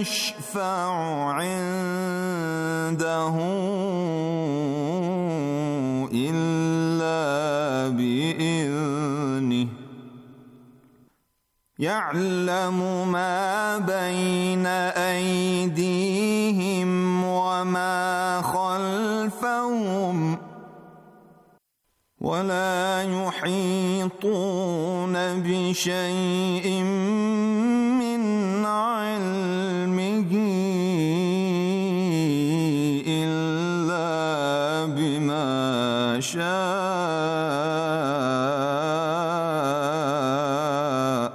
يشفع عنده إلا بإذنه يعلم ما بين أيديهم وما خلفهم ولا يحيطون بشيء من يشاء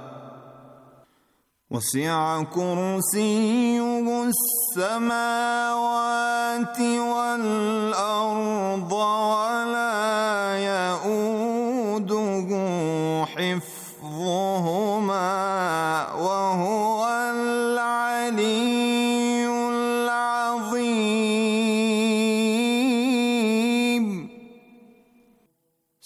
وسع كرسيه السماوات والارض وال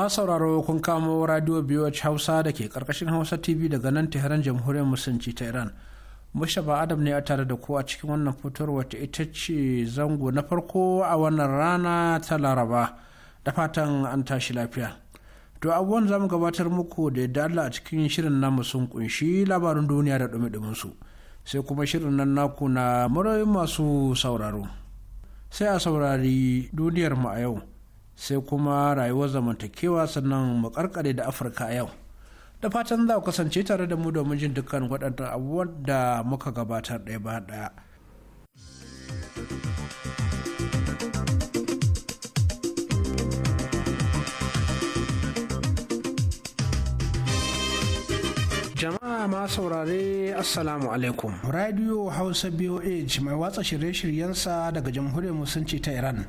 ma sauraro kun kamo radio BOH Hausa da ke karkashin Hausa TV daga nan Tehran Jamhuriyar Musulunci ta Iran. Mushaba Adam ne a tare da ku a cikin wannan fitowar wata ita ce zango na farko a wannan rana ta Laraba da fatan an tashi lafiya. To abubuwan za mu gabatar muku da yadda Allah a cikin shirin namu sun kunshi labarin duniya da dumi su sai kuma shirin nan naku na murayin masu sauraro. Sai a saurari duniyar mu a yau. sai kuma rayuwar zamantakewa sannan mu karkare da afirka yau da fatan za ku kasance tare da mu domin jin dukkan waɗanda abubuwan da muka gabatar ɗaya ba ɗaya jama'a ma saurare assalamu alaikum radio hausa boh mai watsa shirye-shiryensa daga jamhuriyar musulunci ta iran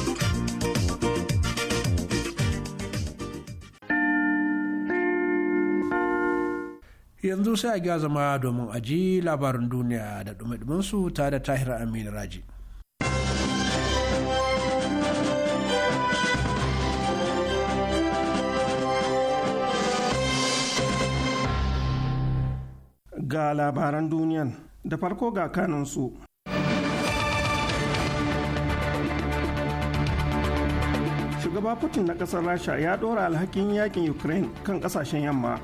yanzu sai a gya zama domin aji labarin duniya da dumi ta da tahir amin raji ga labaran duniyan da farko ga kanansu shugaba putin na kasar rasha ya dora alhakin yakin ukraine kan kasashen yamma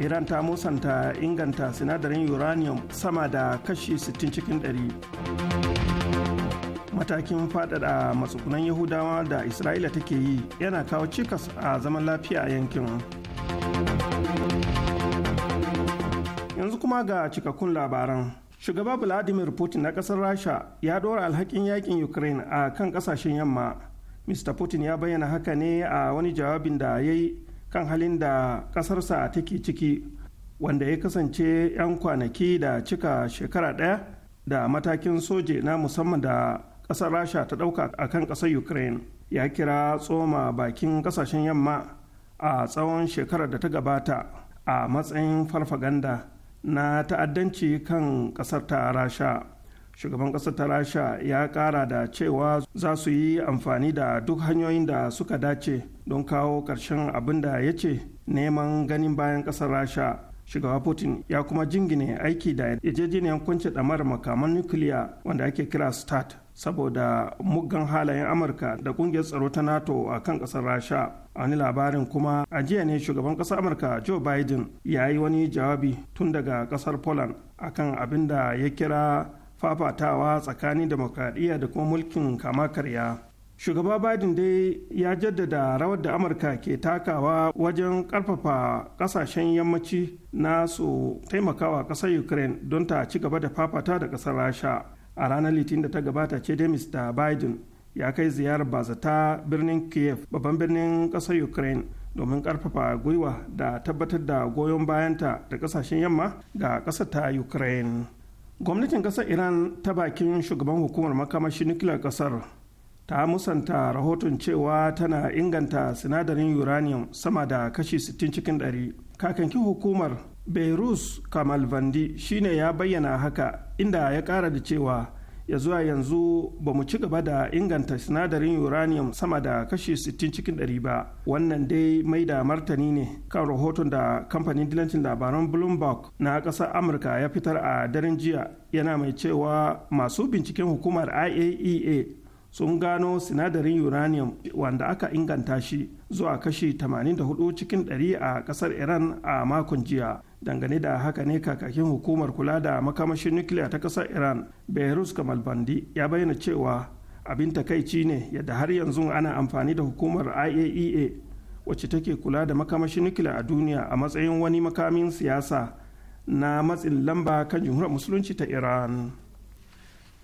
iran ta musanta inganta sinadarin uranium sama da kashi 60 cikin 100 matakin faɗaɗa matsukunan yahudawa da isra'ila take yi yana kawo cikas a zaman lafiya a yankin yanzu kuma ga cikakkun labaran shugaba vladimir putin na kasar rasha ya dora alhakin yakin ukraine a kan kasashen yamma mr putin ya bayyana haka ne a wani jawabin da ya yi kan halin da ƙasarsa take ciki wanda ya kasance 'yan kwanaki da cika shekara ɗaya da matakin soje na musamman da ƙasar rasha ta ɗauka a kan ƙasar ukraine ya kira tsoma bakin ƙasashen yamma a tsawon shekarar da ta gabata a matsayin farfaganda na ta'addanci kan ƙasar ta rasha shugaban ƙasar ta rasha ya ƙara da cewa za su yi amfani da duk hanyoyin da suka dace don kawo ƙarshen abin da ya ce neman ganin bayan ƙasar rasha shugaba putin ya kuma jingine aiki da yarjejeniyar kwanci ɗamar makaman nukiliya wanda ake kira start saboda muggan halayen amurka da ƙungiyar tsaro ta nato a kan ƙasar rasha a wani labarin kuma a jiya ne shugaban ƙasar amurka joe biden ya yi wani jawabi tun daga ƙasar poland akan abin da ya kira fafatawa tsakanin demokradiyya da kuma mulkin kama karya shugaba biden dai ya jaddada rawar da amurka ke takawa wajen karfafa kasashen yammaci na su taimakawa kasar ukraine don ta ci gaba da fafata da kasar rasha a ranar litinin da ta gabata ce dai mr biden ya kai ziyarar bazata birnin kiev babban birnin kasar ukraine domin karfafa gwiwa da tabbatar da goyon bayanta da kasashen yamma ga kasar ta ukraine gwamnatin kasar iran ta bakin shugaban hukumar makamashi nukiliyar kasar ta musanta rahoton cewa tana inganta sinadarin uranium sama da kashi 60 cikin 100 kakanki hukumar beirut kamal vandi shine ya bayyana haka inda ya kara da cewa ya zuwa yanzu ba mu ci gaba da inganta sinadarin uranium sama da kashi 60 cikin 100 ba wannan dai mai da martani ne kan rahoton da kamfanin dilancin labaran bloomberg na ƙasar amurka ya fitar a daren jiya yana mai cewa masu binciken hukumar iaea e sun gano sinadarin uranium wanda aka inganta shi zuwa kashi 84 cikin 100 a kasar iran a makon jiya dangane da haka ne kakakin hukumar kula da makamashin nukiliya ta kasar iran behrus kamal bandi ya bayyana cewa abin takaici ne yadda har yanzu ana amfani da hukumar iaea e wacce take kula da makamashin nukiliya a duniya a matsayin wani makamin siyasa na matsin lamba kan jamhuriyar musulunci ta iran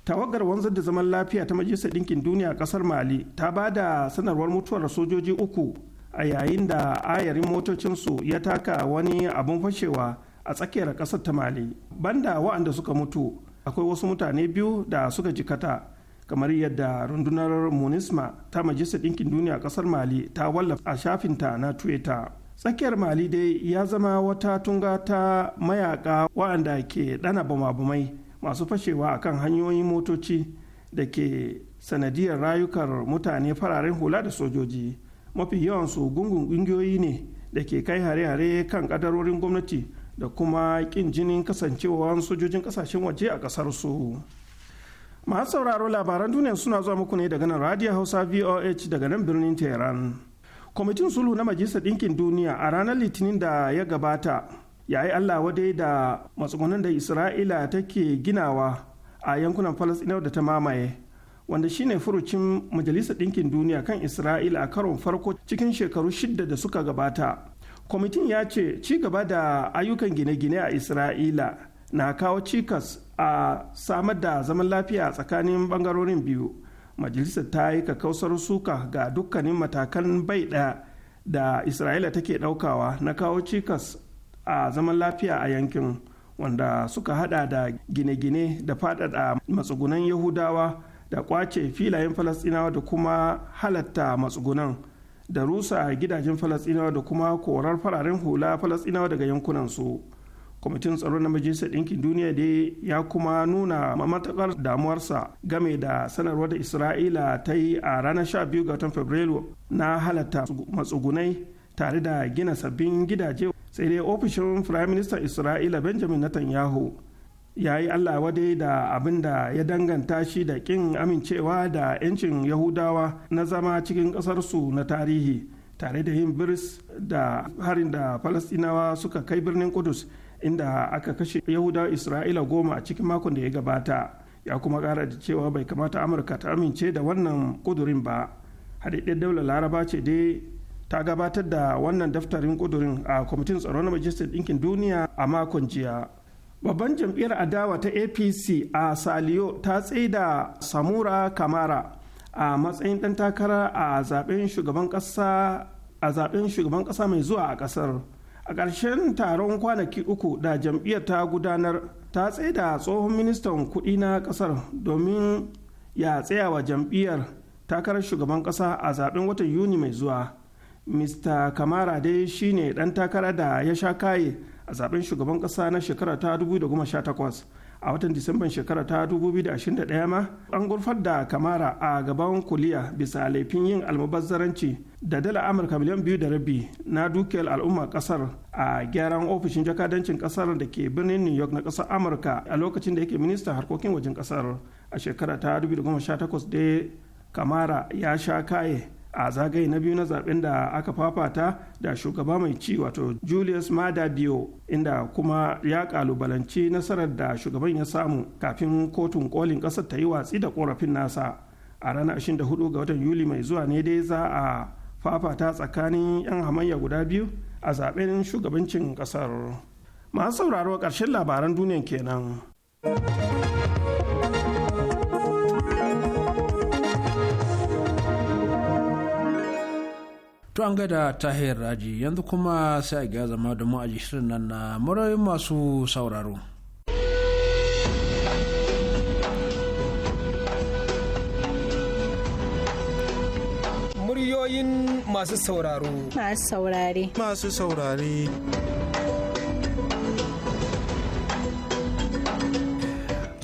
tawagar wanzar da zaman lafiya ta majalisar ɗinkin duniya a ƙasar mali ta ba da sanarwar mutuwar sojoji uku a yayin da ayarin motocinsu ya taka wani abun fashewa a tsakiyar ƙasar ta mali banda wa'anda suka mutu akwai wasu mutane biyu da suka jikata kamar yadda rundunar munisma ta majalisar ɗinkin duniya a ƙasar mali ta wallafa a shafinta na twitter tsakiyar mali dai ya zama wata tunga ta mayaka waɗanda ke ɗana bama-bamai masu fashewa a kan hanyoyin motoci da ke sanadiyar rayukar mutane fararen hula da sojoji mafi yawan su gungun ƙungiyoyi ne da ke kai hare-hare kan ƙadarorin gwamnati da kuma ƙin jinin kasancewar sojojin ƙasashen waje a ƙasar su masu sauraro labaran duniya suna zuwa muku ne daga nan radio hausa voh daga nan birnin tehran kwamitin sulhu na majalisar ɗinkin duniya a ranar litinin da ya gabata ya yi allah wadai da matsugunan da isra'ila take ginawa a yankunan falasɗinawa da ta mamaye wanda shine furucin majalisar ɗinkin duniya kan isra'ila a karon farko cikin shekaru shidda da suka gabata kwamitin ya ce ci gaba da ayyukan gine-gine a isra'ila na kawo cikas a samar da zaman lafiya tsakanin bangarorin biyu majalisar ta yi kakkausar suka ga dukkanin matakan bai da isra'ila take ɗaukawa na kawo cikas a zaman lafiya a yankin wanda suka hada da gine-gine da faɗaɗa matsugunan yahudawa da kwace filayen Falasinawa da kuma halatta matsugunan da rusa gidajen Falasinawa da kuma korar fararen hula falasɗinawa daga yankunansu kwamitin tsaro na majalisar ɗinkin duniya dai ya kuma nuna matuƙar damuwarsa game da sanarwar da isra'ila ta yi a ranar 12 ga watan fabrairu na halatta matsugunai tare da gina sabbin gidaje sai dai ofishin firayim minister isra'ila benjamin netanyahu ya yi allah wade da abin da ya danganta shi da kin amincewa da 'yancin yahudawa na zama cikin kasarsu na tarihi tare da yin birs da harin da falastinawa suka kai birnin kudus inda aka kashe yahudawa isra'ila goma a cikin makon da ya gabata ya kuma kara da cewa bai kamata amurka ta amince da wannan kudurin ba haɗaɗɗen daular laraba ce dai ta gabatar da wannan daftarin kudurin a kwamitin tsaro na majalisar ɗinkin duniya a makon jiya babban jam'iyyar adawa ta apc a saliyo ta tsaida samura kamara a matsayin ɗan takara a zaben shugaban ƙasa a zaben shugaban ƙasa mai zuwa a ƙasar a ƙarshen taron kwanaki uku da jam'iyyar ta gudanar ta tsaida tsohon ministan kuɗi na ƙasar domin ya tsaya wa jam'iyyar takarar shugaban ƙasa a zaben watan yuni mai zuwa mr kamara dai shine dan takara da ya sha kaye a zaben shugaban kasa na shekara ta 2018 a watan disamban shekara ta 2021 ma an gurfar da kamara a gaban kuliya bisa laifin yin almubazzaranci da dala amurka miliyan biyu da rabi na dukiyar al'umma kasar a gyaran ofishin jakadancin kasar da ke birnin new york na kasar amurka a lokacin da yake minista harkokin wajen kasar a shekara ta 2018 dai kamara ya sha kaye a zagaye na biyu na zaben da aka fafata da shugaba mai ci wato julius mada biyo inda kuma ya kalubalanci nasarar da shugaban ya samu kafin kotun kolin kasar ta yi watsi da korafin nasa a ranar 24 ga watan yuli mai zuwa ne dai za a fafata tsakanin 'yan hamayya guda biyu a zaben shugabancin kasar masu sauraro ƙarshen labaran duniyan kenan. To an gada ta raji yanzu kuma sai a ga zama da mu a shirin nan na murayin masu sauraro. Muryoyin masu sauraro. Masu saurare. Masu saurare.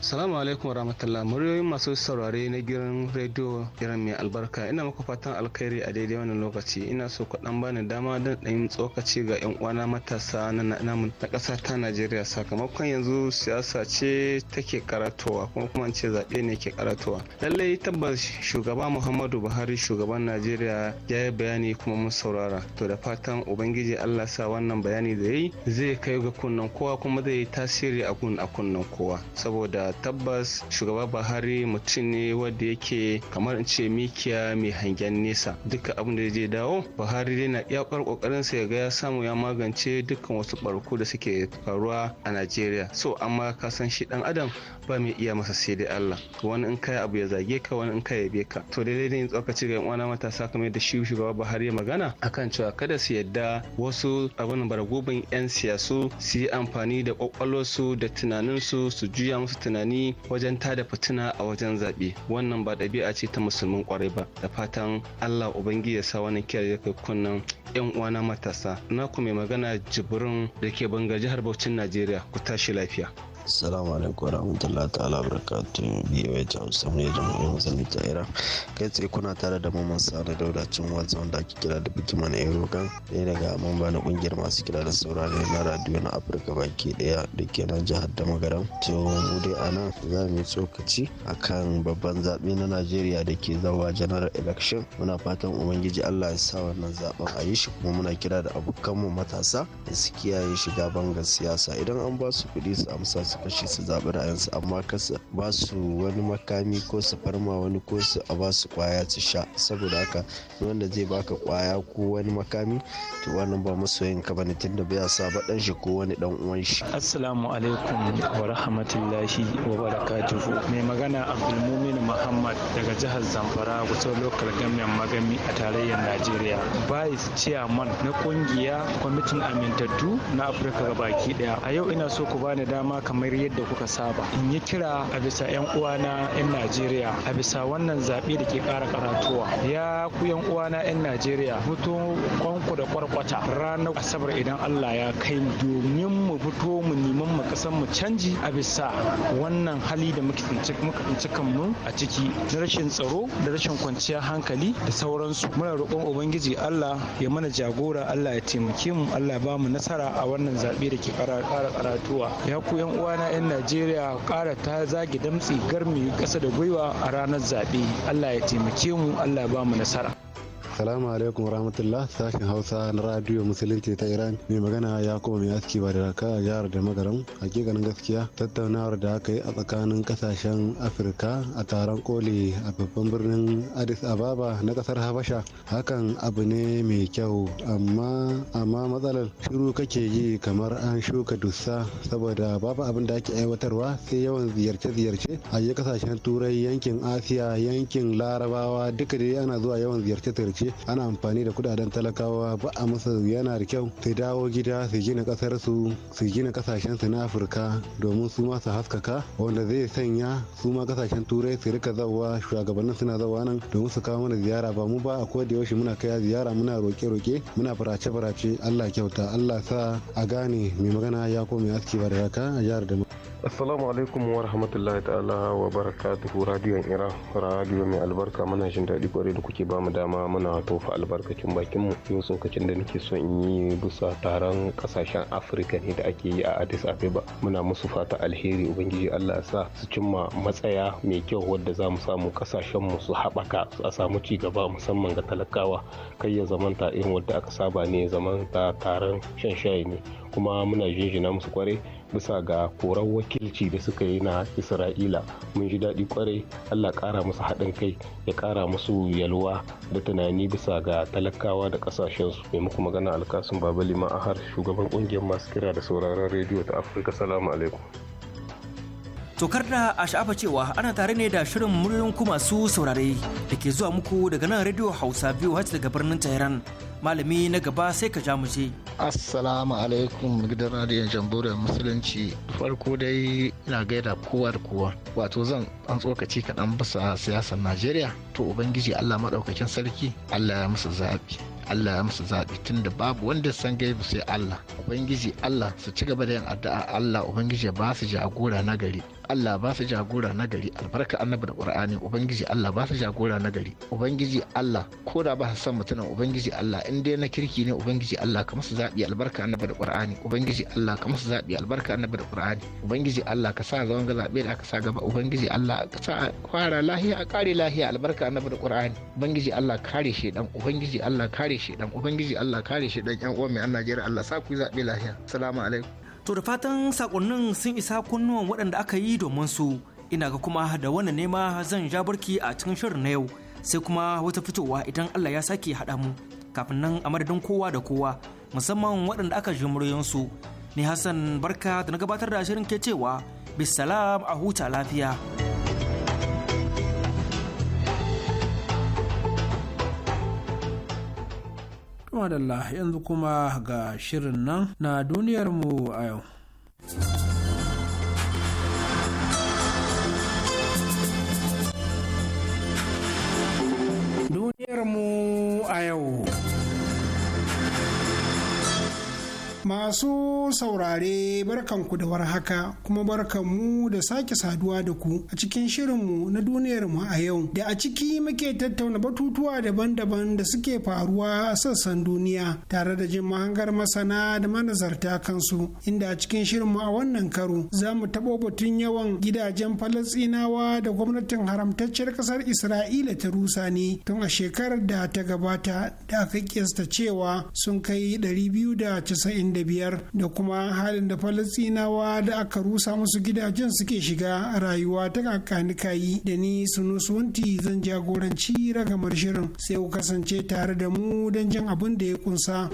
Salamu alaikum warahmatullah muryoyin masu saurare na gidan rediyo irin mai albarka ina muku fatan alkhairi a daidai wannan lokaci ina so ku dan bani dama don ɗan tsokaci ga yan uwana matasa na namun na ƙasa ta Najeriya sakamakon yanzu siyasa ce take karatowa kuma kuma ce zaɓe ne ke karatowa lallai tabbas shugaba Muhammadu Buhari shugaban Najeriya ya yi bayani kuma mun saurara to da fatan ubangiji Allah sa wannan bayani da yayi zai kai ga kunnen kowa kuma zai yi tasiri a gun kowa saboda da tabbas shugaba buhari mutum ne wanda yake kamar in ce mikiya mai hangen nesa duka abin da zai dawo buhari dai na iya kokarin sa ya ga ya samu ya magance dukkan wasu barku da suke faruwa a najeriya so amma ka san shi dan adam ba mai iya masa sai dai allah wani in kai abu ya zage ka wani in kai yabe ka to daidai ne tsokaci ga uwana matasa kamar yadda shi shugaba buhari ya magana akan cewa kada su yadda wasu abin baragubin yan siyasu su yi amfani da kwakwalwarsu da tunaninsu su juya musu tunani wajen tada fitina a wajen zaɓe wannan ba ɗabi'a ce ta musulmin kwarai ba da fatan allah ubangiji ya sa wannan kiyar ya kai kunnan yan uwana matasa na ku mai magana jibrin da ke banga jihar Bauchin Najeriya ku tashi lafiya. Assalamu alaikum wa rahmatullahi ta'ala barakatu biyu ya ci hausa ne jamhuriyar musulmi ta Iran. Kai tsaye kuna tare da mamman sa'ada dauda cin wanzan wanda ake kira da bikin mana Erogan ɗaya daga mamba na ƙungiyar masu kira da saurare na radiyo na Afirka baki ɗaya da ke nan jihar magaram To mu dai a nan za mu yi tsokaci a kan babban zaɓe na Najeriya da ke zawa general election. Muna fatan Ubangiji Allah ya sa wannan zaɓen a yi shi kuma muna kira da mu matasa da su kiyaye shiga bangar siyasa idan an ba su kuɗi su amsa su su fashe su zaɓi ra'ayinsu amma kasa ba su wani makami ko su farma wani ko su a ba su kwaya su sha saboda haka wanda zai baka kwaya ko wani makami to wannan ba masoyin ka bane tunda bai sa ba dan shi ko wani dan uwan shi assalamu alaikum wa rahmatullahi wa barakatuhu mai magana mumin muhammad daga jihar zamfara gusau lokal government magami a tarayyar najeriya vice chairman na kungiya kwamitin amintattu na afirka baki daya a yau ina so ku bani dama kamar kamar yadda kuka saba in yi kira a bisa 'yan uwana 'yan najeriya a bisa wannan zaɓe da ke ƙara karatuwa ya ku 'yan uwana 'yan najeriya mutu kwanku da kwarkwata ranar asabar idan allah ya kai domin mu fito mu neman mu kasan mu canji a bisa wannan hali da muka tsinci kanmu a ciki da rashin tsaro da rashin kwanciyar hankali da sauransu muna roƙon ubangiji allah ya mana jagora allah ya taimake mu allah ba mu nasara a wannan zaɓe da ke ƙara karatuwa ya ku 'yan uwa kwana 'yan najeriya ƙara ta zagi damtsi garmi kasa da gwiwa a ranar zaɓe allah ya taimake mu allah ya ba mu nasara Assalamu alaikum rahmatullah. sashen Hausa na Radio Musulunci ta Iran mai magana ya kuma mai aski ba da raka a jihar da magaram hakikanin gaskiya tattaunawar da aka yi a tsakanin kasashen Afirka a taron koli a babban birnin Addis Ababa na kasar Habasha hakan abu ne mai kyau amma amma matsalar shiru kake yi kamar an shuka dusa saboda babu abin da ake aiwatarwa sai yawan ziyarce-ziyarce a kasashen turai yankin asiya yankin larabawa duka dai ana zuwa yawan ziyarce-ziyarce ana amfani da kudaden talakawa ba a masa yana da kyau su dawo gida su gina kasar su su gina kasashen su na afirka domin su ma haskaka wanda zai sanya su ma kasashen turai su rika zawa shugabannin suna zawa nan domin su kawo mana ziyara ba mu ba a koda yaushe muna kai ziyara muna roke-roke muna farace-farace allah kyauta allah sa a gane mai magana ya ko mai aski ba da haka a jihar da assalamu alaikum wa rahmatullahi ta'ala wa barakatuhu radiyon iran radiyo mai albarka mana jin daɗi kwarai da kuke bamu dama muna tofa albarkacin bakin mu yau tsokacin da nake son in yi bisa taron kasashen afirka ne da ake yi a addis abeba muna musu fata alheri ubangiji allah sa su cimma matsaya mai kyau wadda za mu samu kasashen mu su haɓaka a samu ci gaba musamman ga talakawa kai ya zamanta irin wadda aka saba ne zamanta taron shan shayi ne kuma muna jinjina musu kwarai bisa ga korar wakilci da suka yi na isra'ila mun ji daɗi kwarai allah ƙara musu haɗin kai ya ƙara musu yalwa da tunani bisa ga talakawa da ƙasashensu mai muku magana alkasun a ma'ahar shugaban ƙungiyar masu kira da sauraron rediyo ta afirka salamu alaikum Tokar da a sha'afa cewa ana tare ne da shirin muryoyin ku masu saurare da ke zuwa muku daga nan Radio Hausa biyu hajji daga birnin Tehran. Malami na gaba sai ka ja mu ce. Assalamu alaikum gidan radiyon jamhuriyar musulunci. Farko dai ina gaida kowa da kowa. Wato zan an tsokaci kaɗan bisa siyasar Najeriya. To Ubangiji Allah maɗaukakin sarki Allah ya musu zaɓi. Allah ya musu zaɓi tun da babu wanda san gaibu sai Allah. Ubangiji Allah su ci gaba da yin addu'a Allah Ubangiji ya ba su jagora na gari. Allah ba su jagora na gari albarka annabi da qur'ani ubangiji Allah ba su jagora na gari ubangiji Allah ko da ba su san mutumin ubangiji Allah in dai na kirki ne ubangiji Allah ka musu zabi albarka annabi da qur'ani ubangiji Allah ka musu zabi albarka annabi da qur'ani ubangiji Allah ka sa zaman ga zabe da aka sa gaba ubangiji Allah ka sa fara lahiya a kare lahiya albarka annabi da qur'ani ubangiji Allah kare shi dan ubangiji Allah kare shi dan ubangiji Allah kare shi dan yan uwa mai Najeriya Allah sa ku zabe lahiya assalamu alaikum To da fatan sakonnin sun isa kunnuwan waɗanda aka yi domin su ina ga kuma da wannan nema zan ja barki a cikin shirin na yau sai kuma wata fitowa idan Allah ya sake haɗa mu kafin nan a madadin kowa da kowa musamman waɗanda aka ji su ni Hassan barka da na gabatar da shirin ke cewa bisalam a huta lafiya. madalla yanzu kuma ga shirin nan na duniyarmu a yau. Duniyarmu a yau. masu saurare barkanku da warhaka kuma barkanmu da sake saduwa da ku a cikin shirinmu na duniyarmu a yau da a ciki muke tattauna batutuwa daban-daban da suke faruwa a sassan duniya tare da jin mahangar masana da manazarta kansu inda a cikin shirinmu a wannan karo za mu taɓo batun yawan gidajen falasɗinawa da gwamnatin haramtacciyar ƙasar isra'ila ta rusa ne tun a shekarar da ta gabata da aka kiyasta cewa sun kai 290 biyar da kuma halin da falasinawa da aka rusa musu gidajen suke shiga rayuwa ta kakanikayi da ni sunusunti zan jagoranci ragamar shirin sai ku kasance tare da mu don jan abin da ya kunsa.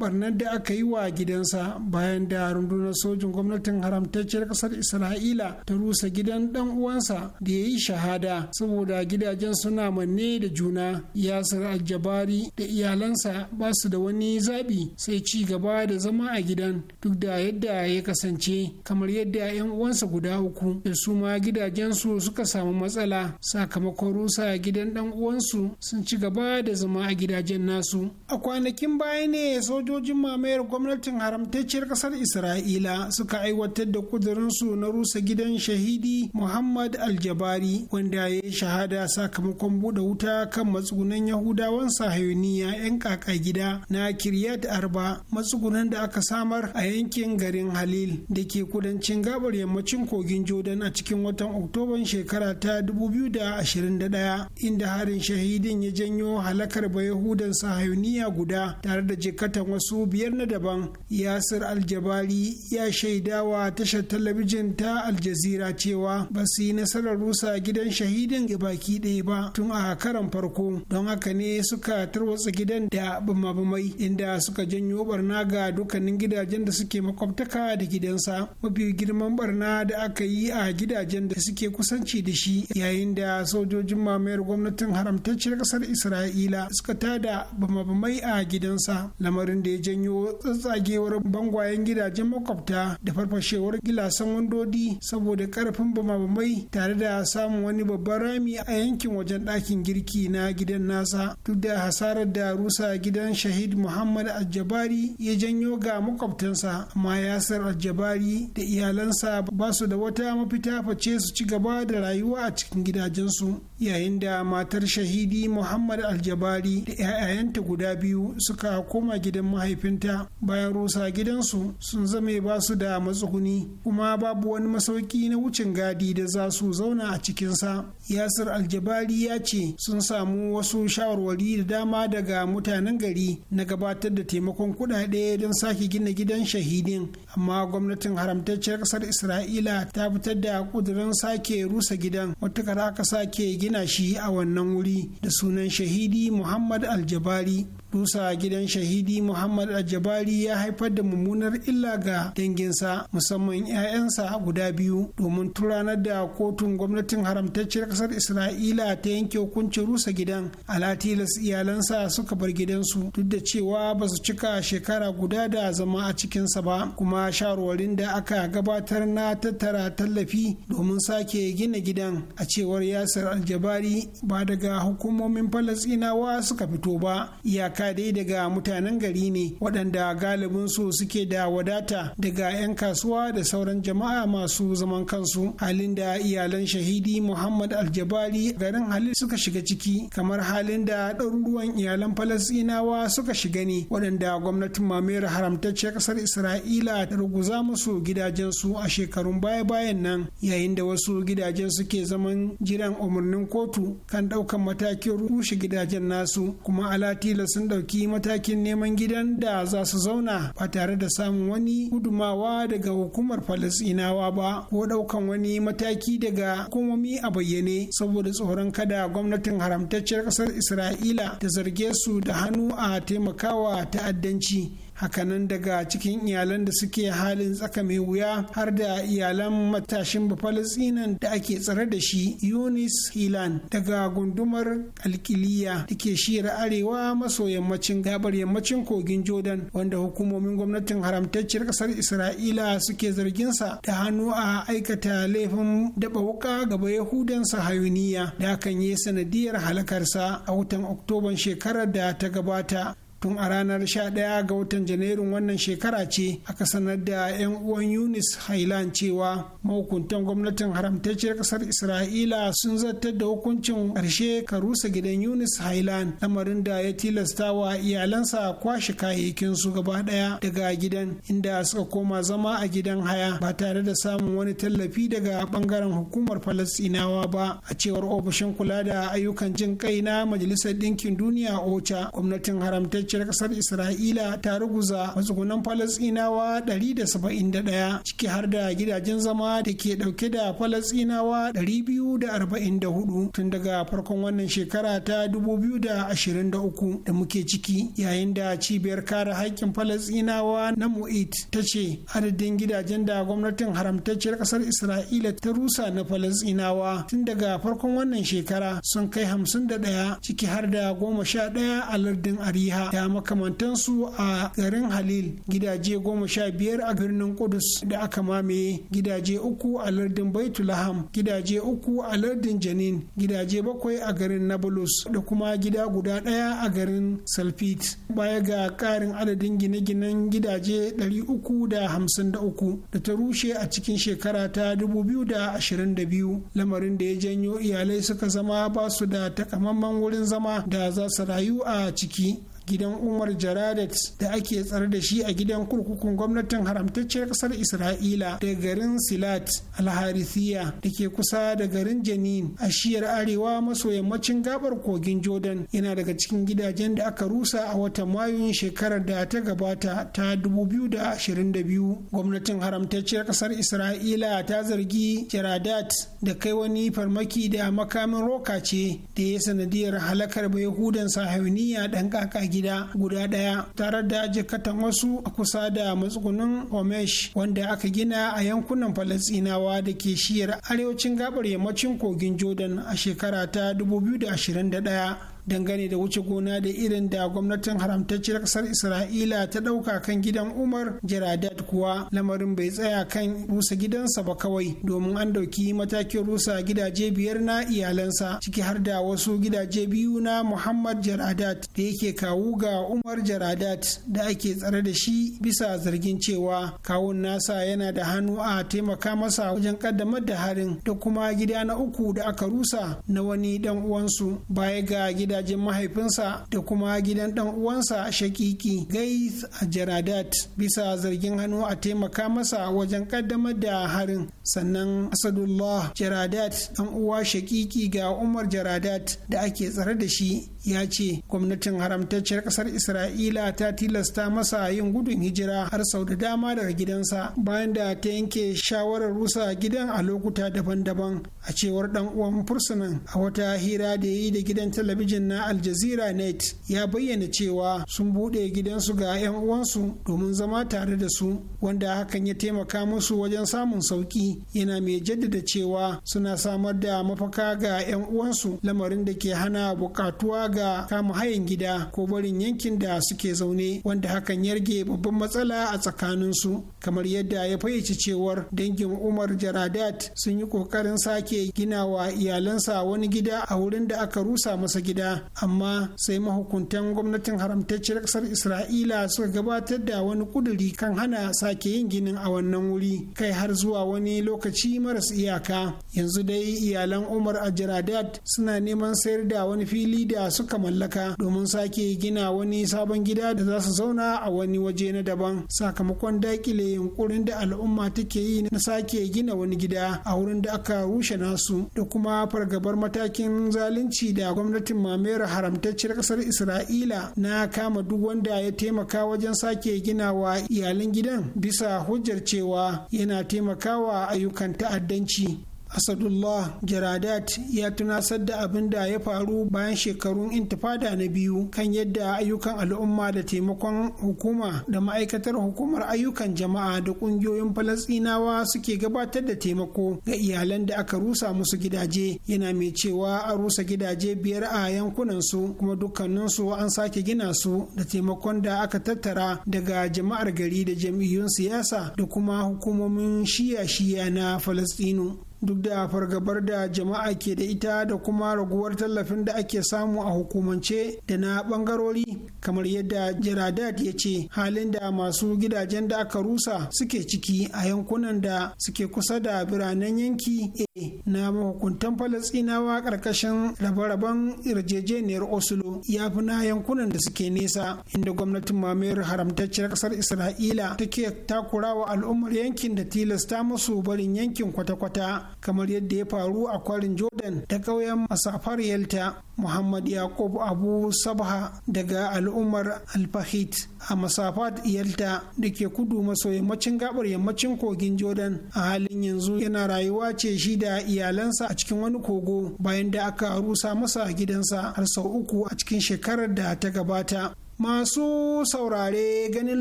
barnar da aka yi wa gidansa bayan da rundunar sojin gwamnatin haramtacciyar kasar isra'ila ta rusa gidan dan uwansa da ya yi shahada saboda gidajen suna manne da juna yasir aljabari da iyalansa ba su da wani zaɓi sai ci gaba da zama a gidan duk da yadda ya kasance kamar yadda 'yan uwansa guda uku da su ma gidajensu suka samu matsala sakamakon rusa gidan dan uwansu sun ci gaba da zama a gidajen nasu a kwanakin baya ne sojin sojojin mamayar gwamnatin haramtacciyar kasar isra'ila suka aiwatar da kudurinsu na rusa gidan shahidi muhammad aljabari wanda ya yi shahada sakamakon buɗe wuta kan matsugunan yahudawan sahayoniya 'yan kaka gida na kiryat arba matsugunan da aka samar a yankin garin halil da ke kudancin gabar yammacin kogin jordan a cikin watan oktoban shekara ta 2021 inda harin shahidin ya janyo halakar bayahudan sahayoniya guda tare da jikatan wasu biyar na daban yasir aljabari ya shaidawa tashar talabijin ta aljazira cewa ba su yi nasarar rusa gidan shahidin baki ɗaya ba tun a karan farko don haka ne suka tarwatsa gidan da bumabumai inda suka janyo barna ga dukkanin gidajen da suke makwabtaka da gidansa mafi girman barna da aka yi a gidajen da suke kusanci da shi yayin da sojojin mamayar gwamnatin haramtacciyar ƙasar isra'ila suka tada bumabumai a gidansa lamarin da da ya janyo tsatsagewar bangwayen gidajen makwabta da farfashewar gilasan wandodi saboda karfin bamabamai tare da samun wani babban rami a yankin wajen ɗakin girki na gidan nasa duk da hasarar da rusa gidan shahid muhammad aljabari ya janyo ga makwabtansa amma yasir aljabari da iyalansa ba su da wata mafita face su ci gaba da rayuwa a cikin gidajensu yayin da matar shahidi muhammad aljabari da 'ya'yanta guda biyu suka koma gidan mahaifinta bayan rusa gidansu sun zame ba su da matsuguni kuma babu wani masauki na wucin gadi da za su zauna a cikinsa yasir aljabari ya ce sun samu wasu shawarwari da dama daga mutanen gari na gabatar da taimakon kuɗaɗe don sake gina gidan shahidin amma gwamnatin haramtacciyar ƙasar isra'ila ta fitar da ƙudurin sake rusa gidan matukar aka sake gina gina shi a wannan wuri da sunan shahidi muhammad aljabari rusa gidan shahidi muhammad aljabari ya haifar da mummunar illa ga danginsa musamman 'ya'yansa guda biyu domin turanar da kotun gwamnatin haramtaccen kasar isra'ila ta yanke hukuncin rusa gidan alatilas iyalansa suka bar gidansu duk da cewa ba su cika shekara guda da zama a cikinsa ba kuma shawarwarin da aka gabatar na tattara tallafi domin sake gina gidan a cewar yasir aljabari ba daga hukumomin falasinawa suka fito ba iyaka dai daga mutanen gari ne waɗanda galibin su suke da wadata daga 'yan kasuwa da sauran jama'a masu zaman kansu halin da iyalan shahidi muhammad aljabari garin halin suka shiga ciki kamar halin da ɗaruruwan iyalan falasinawa suka shiga ne waɗanda gwamnatin mamayar haramtacce ƙasar isra'ila ta ruguza musu gidajensu a shekarun baya-bayan nan yayin da wasu gidajen suke zaman jiran umarnin kotu kan ɗaukan matakin rushe gidajen nasu kuma alatila sun ɗauki matakin neman gidan da za su zauna ba tare da samun wani gudumawa daga hukumar falasinawa ba ko ɗaukan wani mataki daga hukumomi a bayyane saboda tsoron kada gwamnatin haramtacciyar ƙasar isra'ila ta zarge su da hannu a taimakawa ta'addanci hakanan daga cikin iyalan da suke halin tsaka mai wuya har da iyalan matashin bafalasinan da ake tsare da shi yunis hilan daga gundumar alkiliya da ke shiyar arewa maso yammacin gabar yammacin kogin jordan wanda hukumomin gwamnatin haramtacciyar kasar isra'ila suke zarginsa da hannu a aikata laifin daba wuka gaba yahudan sahayuniya da hakan yi sanadiyar halakarsa a watan oktoban shekarar da ta gabata tun a ranar 11 ga watan janairun wannan shekara ce aka sanar da 'yan uwan yunis hailan cewa mahukuntan gwamnatin haramtacciyar kasar isra'ila sun zartar da hukuncin karshe ka rusa gidan yunis hailan lamarin da ya tilasta wa iyalansa kwashe kayayyakin su gaba daya daga gidan inda suka koma zama a gidan haya ba tare da samun wani tallafi daga bangaren hukumar falastinawa ba a cewar ofishin kula da ayyukan jin kai na majalisar ɗinkin duniya ocha gwamnatin haramtacciyar haramtacciyar kasar isra'ila ta ruguza matsugunan falasinawa 171 ciki har da gidajen zama da ke dauke da falasɗinawa falasinawa 244 tun daga farkon wannan shekara ta 2023 da muke ciki yayin da cibiyar kare haƙƙin falasinawa na mu'it ta ce adadin gidajen da gwamnatin haramtacciyar kasar isra'ila ta rusa na falasɗinawa tun daga farkon wannan shekara sun kai hamsin ɗaya ciki har da goma sha ɗaya a lardin ariha da makamantansu a garin halil gidaje goma sha biyar a birnin kudus da aka mamaye gidaje uku a lardin baitulaham gidaje uku a lardin janin gidaje bakwai a garin nablus da kuma gida guda ɗaya a garin salfit baya ga ƙarin adadin gine-ginen gidaje 353 da ta rushe a cikin shekara ta 2022 lamarin da ya janyo iyalai suka zama ba su da takamaiman wurin zama da za su rayu a ciki gidan umar jaradat da ake tsare da shi a gidan kurkukun gwamnatin haramtacciyar kasar isra'ila da garin silat alharisiya da ke kusa da garin janin a shiyar arewa maso yammacin gabar kogin jordan yana daga cikin gidajen da aka rusa a watan mayun shekarar da ta gabata ta 2022 gwamnatin haramtacciyar kasar isra'ila ta zargi jaradat da kai wani farmaki da makamin roka ce da ya sanadiyar halakar bai hudan sahiyoniya dan kaka gida guda ɗaya tare da jikatan wasu a kusa da matsugunin homesh wanda aka gina a yankunan falasinawa da ke shiyar arewacin gabar yammacin kogin jordan a shekara ta 2021 dangane da wuce gona da irin da gwamnatin haramtacciyar ƙasar isra'ila ta ɗauka kan gidan umar jaradat kuwa lamarin bai tsaya kan rusa gidansa ba kawai domin an ɗauki matakin rusa gidaje biyar na iyalansa ciki har da wasu gidaje biyu na muhammad jaradat da yake kawu ga umar jaradat da ake tsare da shi bisa zargin cewa kawun nasa yana da hannu a taimaka masa wajen ƙaddamar da harin da kuma gida na uku da aka rusa na wani dan uwansu baya ga gida gidajen mahaifinsa da kuma gidan dan uwansa shakiki gais a jaradat bisa zargin hannu a taimaka masa wajen kaddamar da harin sannan asadullah jaradat dan uwa shakiki ga umar jaradat da ake tsare da shi ya ce gwamnatin haramtacciyar kasar isra'ila ta tilasta masa yin gudun hijira har sau da dama daga gidansa bayan da ta yanke shawarar rusa gidan a lokuta daban-daban a cewar dan uwan fursunan a wata hira da ya yi da gidan talabijin talabijin na Aljazeera Net ya bayyana cewa sun buɗe gidansu ga 'yan uwansu domin zama tare da su wanda hakan ya taimaka musu wajen samun sauki yana mai jaddada cewa suna samar da mafaka ga 'yan uwansu lamarin da ke hana bukatuwa ga kama hayan gida ko barin yankin da suke zaune wanda hakan ya rage babban matsala a tsakaninsu kamar yadda ya fayyace cewar dangin Umar Jaradat sun yi kokarin sake ginawa iyalansa wani gida a wurin da aka rusa masa gida amma sai mahukuntan gwamnatin haramtaccen ƙasar isra'ila suka gabatar da wani kuduri kan hana sake yin ginin a wannan wuri kai har zuwa wani lokaci maras iyaka yanzu dai iyalan umar a ajiradat suna neman sayar da wani fili da suka mallaka domin sake gina wani sabon gida da za su zauna a wani waje na daban sakamakon dakile yunkurin da al'umma take yi na sake gina wani gida a wurin da aka rushe nasu da kuma fargabar matakin zalunci da gwamnatin mera haramtacciyar kasar isra'ila na kama duk wanda ya taimaka wajen sake ginawa iyalin gidan bisa hujjar cewa yana taimakawa ayyukan ta'addanci asadullah jaradat ya tunasar da abin da ya faru bayan shekarun intifada na biyu kan yadda ayyukan al'umma da taimakon hukuma da ma'aikatar hukumar ayyukan jama'a da ƙungiyoyin falasɗinawa suke gabatar da taimako ga iyalan da aka rusa musu gidaje yana mai cewa a rusa gidaje biyar a yankunan su kuma dukkanin su an sake gina su da taimakon da aka tattara daga jama'ar gari da jam'iyyun siyasa da kuma hukumomin shiya-shiya na falasɗinu duk da fargabar da jama'a ke da ita da kuma raguwar tallafin da ake samu a hukumance da na bangarori kamar yadda jaradat ya ce halin da masu gidajen da aka rusa suke ciki a yankunan da suke kusa da biranen yanki a e na mahukuntan falasinawa karkashin rabe-raben yarjejeniyar oslo ya fi na yankunan da suke nesa inda gwamnatin mamayar haramtacciyar kasar isra'ila take takurawa al'ummar yankin da tilasta musu barin yankin kwata-kwata kamar yadda ya faru a kwarin jordan ta ƙauyen masafar yalta muhammad yakub abu sabha daga al'ummar alfahit a masafar yalta da ke kudu maso yammacin gabar yammacin kogin jordan a halin yanzu yana rayuwa ce shi da iyalansa a cikin wani kogo bayan da aka rusa masa gidansa har sau uku a cikin shekarar da ta gabata masu saurare ganin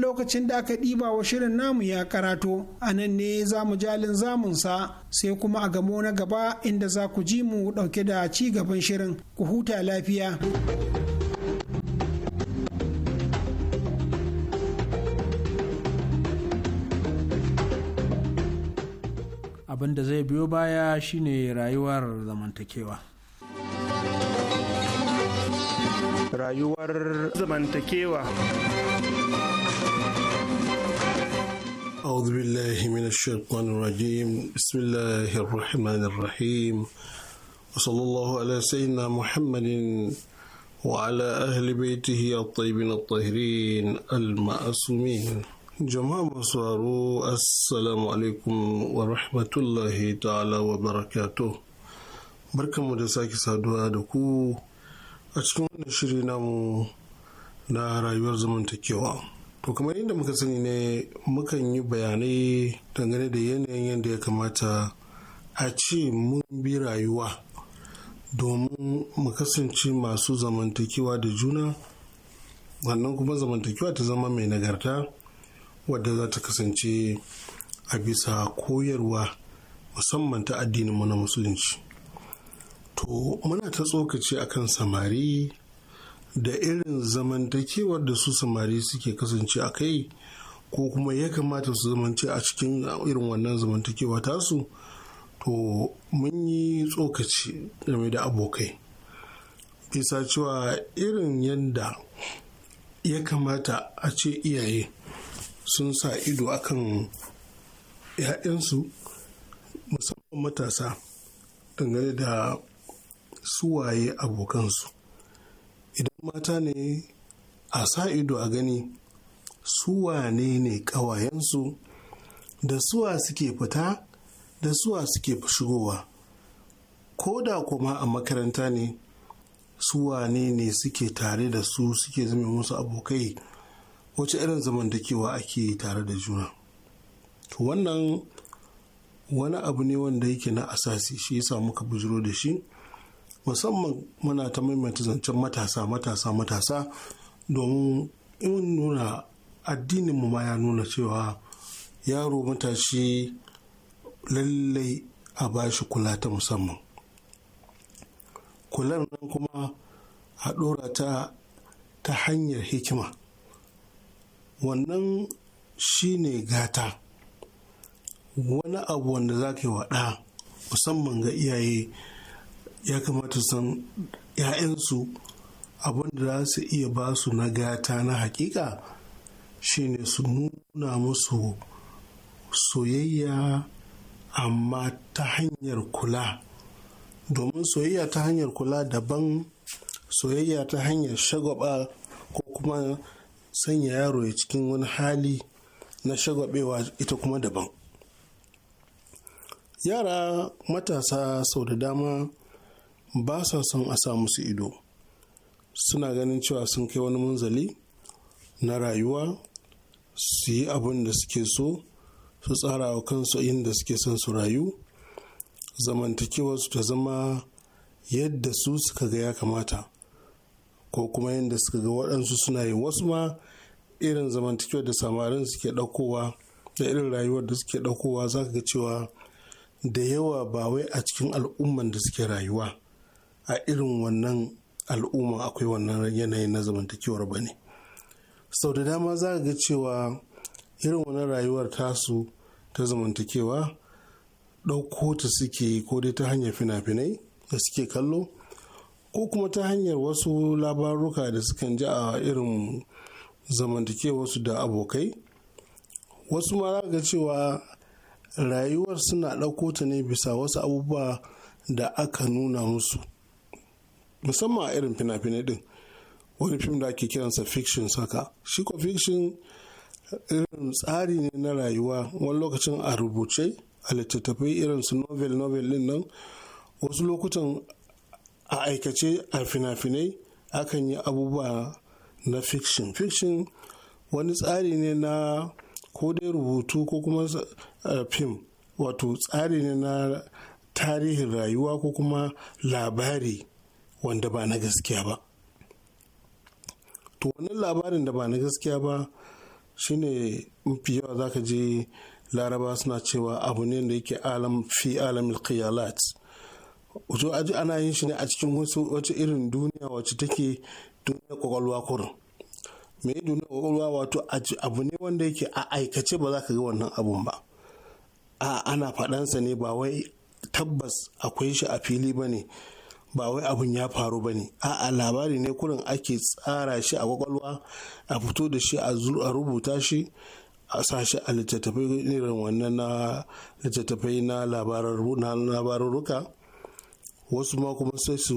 lokacin da aka ɗiba wa shirin namu ya karato a nan ne za mu jalin zamunsa sai kuma a gamo na gaba inda za ku ji mu ɗauke da ci gaban shirin ku huta lafiya. abin da zai biyo baya shine rayuwar zamantakewa. rayuwar zamantakewa أعوذ بالله من الشيطان الرجيم بسم الله الرحمن الرحيم وصلى الله على سيدنا محمد وعلى أهل بيته الطيبين الطاهرين المعصومين جماعة مصارو السلام عليكم ورحمة الله تعالى وبركاته بركة مدساك سادوها دكو a cikin wannan shiri namu na rayuwar zamantakewa to kamar yadda muka sani ne mukan yi bayanai dangane da yanayin yadda ya kamata a ce mun bi rayuwa domin mu kasance masu zamantakewa da juna wannan kuma zamantakewa ta zama mai nagarta wadda za ta kasance a bisa koyarwa musamman ta addinin mu na musulunci To muna ta tsokaci akan samari da irin zamantakewar da su samari suke kasance a kai ko kuma ya kamata su zamance a cikin irin wannan zamantakewa tasu to mun yi tsokaci game da abokai. Bisa cewa irin yadda ya kamata a ce iyaye sun sa ido akan 'ya'yansu musamman matasa dangane da suwaye abokansu idan mata ne a sa ido a gani suwane ne ƙawayensu da suwa suke fita da suwa suke shigowa ko da kuma a makaranta ne suwane ne suke tare da su suke zama musu abokai wace irin zaman zamantakewa ake tare da juna wannan wani abu ne wanda yake na asasi shi yasa muka bujiro da shi musamman muna ta maimaita zancen matasa matasa matasa domin in nuna addininmu ma ya nuna cewa yaro matashi lallai a bashi kula ta musamman kular nan kuma a ɗora ta ta hanyar hikima wannan shi ne gata wani abu wanda za ka yi waɗa musamman ga iyaye ya kamata san 'ya'yansu abin da za su iya ba su na gata na hakika shine su nuna musu soyayya amma ta hanyar kula domin soyayya ta hanyar kula daban soyayya ta hanyar shagwaba ko kuma sanya yaro ya cikin wani hali na shagwabewa ita kuma daban yara matasa sau da dama ba sa son a sa musu ido suna ganin cewa sun kai wani munzali na rayuwa su yi abin da suke so su tsara wa kansu inda suke son su rayu zamantakewarsu ta zama yadda su suka ga ya kamata ko kuma yadda suka ga waɗansu suna yi wasu ma irin zamantakewar da samarin suke ɗaukowa da irin rayuwar da suke ɗaukowa za ka ga cewa da yawa ba wai a cikin al'umman da suke rayuwa a irin wannan al'umma akwai wannan yanayin na zamantakewar ba ne sau da dama za ga cewa irin wannan rayuwar tasu ta zamantakewa ɗauko ta suke ko dai ta hanyar fina-finai da suke kallo ko kuma ta hanyar wasu labaruka da sukan ji a irin zamantakewarsu da abokai wasu ma za ga cewa rayuwar suna ɗauko ta ne bisa wasu abubuwa da aka nuna musu musamman a irin fina-finai din wani fim da ake kiransa fiction saka shi ko fiction irin tsari ne na rayuwa wani lokacin a rubuce a littattafai irin su novel novel din nan wasu lokutan a aikace a fina-finai akan yi abubuwa na fiction fiction wani tsari ne na ko dai rubutu ko kuma fim wato tsari ne na tarihin rayuwa ko kuma labari wanda ba na gaskiya ba to wannan labarin da ba na gaskiya ba shine mafi yawa za ka je laraba suna cewa abu ne da yake alam fi Alam qiyalat wato aji ana yin shi ne a cikin wasu wace irin duniya wacce take duniya kwakwalwa kurin me yi duniya kwakwalwa wato abu ne wanda yake a aikace ba za ka ga wannan abun ba a ana faɗansa ne ba wai tabbas akwai shi a fili ba ne ba wai abun ya faru ba ne a'a labari ne kurin ake tsara shi a kwakwalwa a fito da shi a rubuta shi a sashi a littattafai irin wannan na littattafai na labararruka wasu ma kuma sai su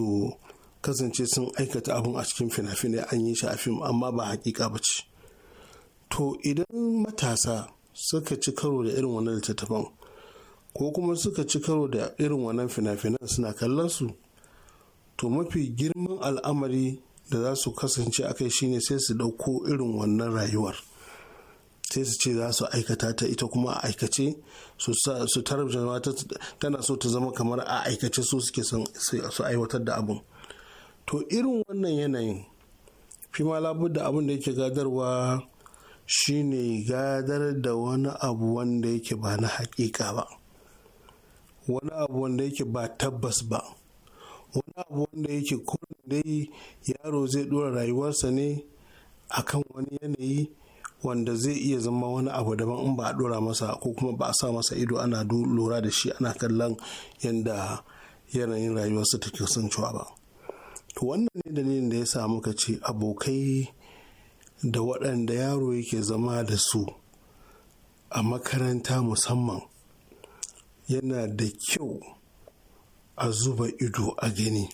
kasance sun aikata abin a cikin fina-finai an yi shi a fim amma ba hakika ba ce to idan matasa suka ci karo da irin wannan littattafan ko kuma suka ci karo da irin wannan fina-finan suna kallon su to mafi girman al'amari da za su kasance a kai shine sai su ɗauko irin wannan rayuwar sai su ce za su aikata ta ita kuma a aikace su tana so ta zama kamar a aikace su suke su aiwatar da abin to irin wannan yanayin fi ma da abin da yake gadarwa shine gadar da wani abu wanda yake ba na hakika ba wani abu wanda yake ba tabbas ba wani abu wanda yake kurin dai yaro zai dora rayuwarsa ne akan wani yanayi wanda zai iya zama wani abu daban in ba a dora masa ko kuma ba a sa masa ido ana lura da shi ana kallon yadda yanayin rayuwarsa take kasancewa ba to wannan ne dalilin da ya samu ka ce abokai da waɗanda yaro yake zama da su a makaranta musamman yana da kyau a zuba ido a gani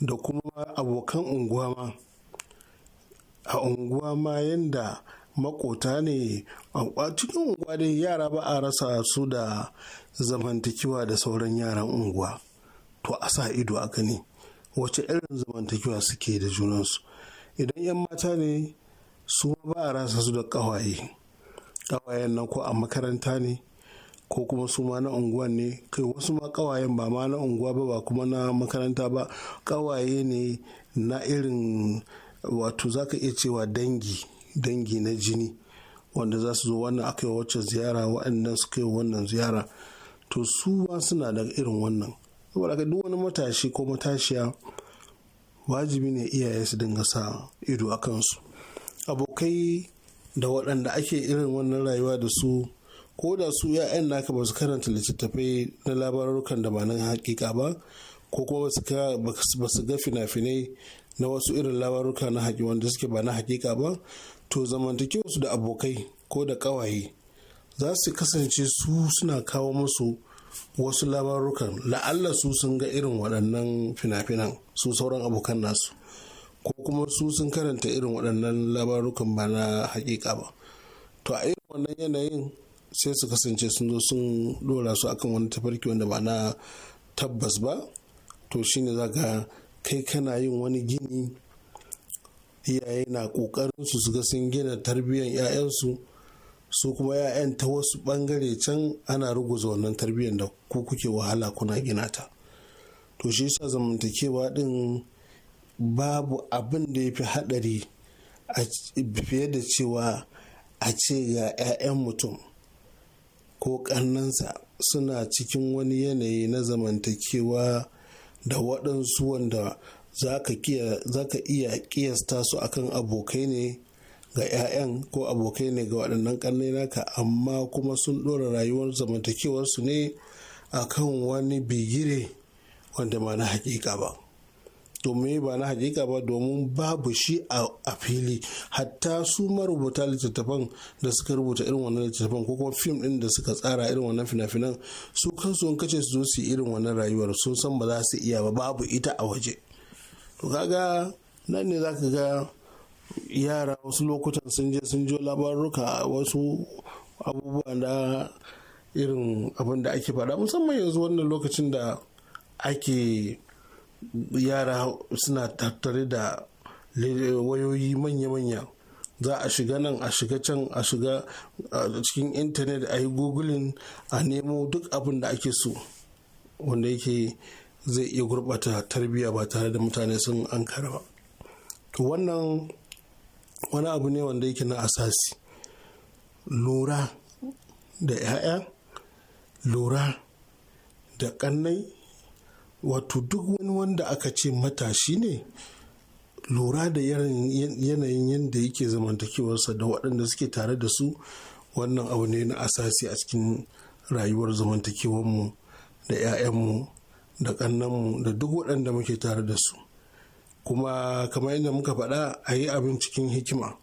da kuma abokan unguwa ma a unguwa ma yadda makota ne a cikin unguwa dai yara ba a rasa su da zamantakewa da sauran yaran unguwa to a sa ido a gani wace irin zamantakewa suke da junansu idan 'yan mata ne su ba a rasa su da ƙawaye ƙawayen nan ko a makaranta ne ko kuma su ma na unguwa ne kai wasu ma kawayen ba ma na unguwa ba ba kuma na makaranta ba kawaye ne na irin wato za ka iya cewa dangi dangi na jini wanda za su zo wannan aka yi wacce ziyara waɗannan suka yi wannan ziyara to su ma suna da irin wannan saboda wani matashi ko matashiya wajibi ne iyaye su dinga sa ido a kansu abokai da waɗanda ake irin wannan rayuwa da su ko da su 'ya'yan naka ba su karanta littattafai na labarukan da ba hakika ba ko kuma ba su ga fina-finai na wasu irin labaruka na haƙi wanda suke ba na hakika ba to zamantakewarsu da abokai ko da ƙawaye za su kasance su suna kawo musu wasu labarukan la'alla su sun ga irin waɗannan fina-finan su sauran abokan nasu ko kuma su sun karanta irin waɗannan labarukan ba na hakika ba to a irin wannan yanayin sai su kasance sun zo sun dora su akan wani tafarki wanda ba na tabbas ba to shine za ka kai kana yin wani gini iyaye na kokarin su su sun gina tarbiyyar 'ya'yansu su kuma 'ya'yan ta wasu bangare can ana ruguza wannan tarbiyyar da ku kuke wahala kuna gina ta to shi yasa zamantakewa din babu abin da ya fi haɗari fiye da cewa a ce ga 'ya'yan mutum ko ƙannansa suna cikin wani yanayi na zamantakewa da waɗansu wanda za ka iya kiyasta su akan abokai ne ga 'ya'yan ko abokai ne ga waɗannan ƙannai naka amma kuma sun ɗora rayuwar zamantakewarsu ne akan wani bigire wanda ma na hakika ba domin ba na hakika ba domin babu shi a fili hatta su marubuta littattafan da suka rubuta irin wannan littattafan ko kuma fim din da suka tsara irin wannan fina-finan su kansu in kace su zo su irin wannan rayuwar sun san ba za su iya ba babu ita a waje to kaga nan ne zaka ga yara wasu lokutan sun je sun jo labaruka wasu abubuwa na irin abin da ake faɗa musamman yanzu wannan lokacin da ake yara suna tattare da wayoyi manya-manya za a shiga nan a shiga can a shiga cikin intanet a yi gogulin a nemo duk abin da ake so wanda yake zai iya gurɓata tarbiyya ba tare da mutane sun an ba to wannan wani abu ne wanda yake na asasi lura da 'ya'ya lura da ƙannai wato duk wani wanda aka ce matashi ne lura da yanayin yadda yake zamantakewarsa da waɗanda suke tare da su wannan abu ne na asasi a cikin rayuwar zamantakewarmu da 'ya'yanmu da ƙannanmu da duk waɗanda muke tare da su kuma kamar yadda muka faɗa a yi abin cikin hikima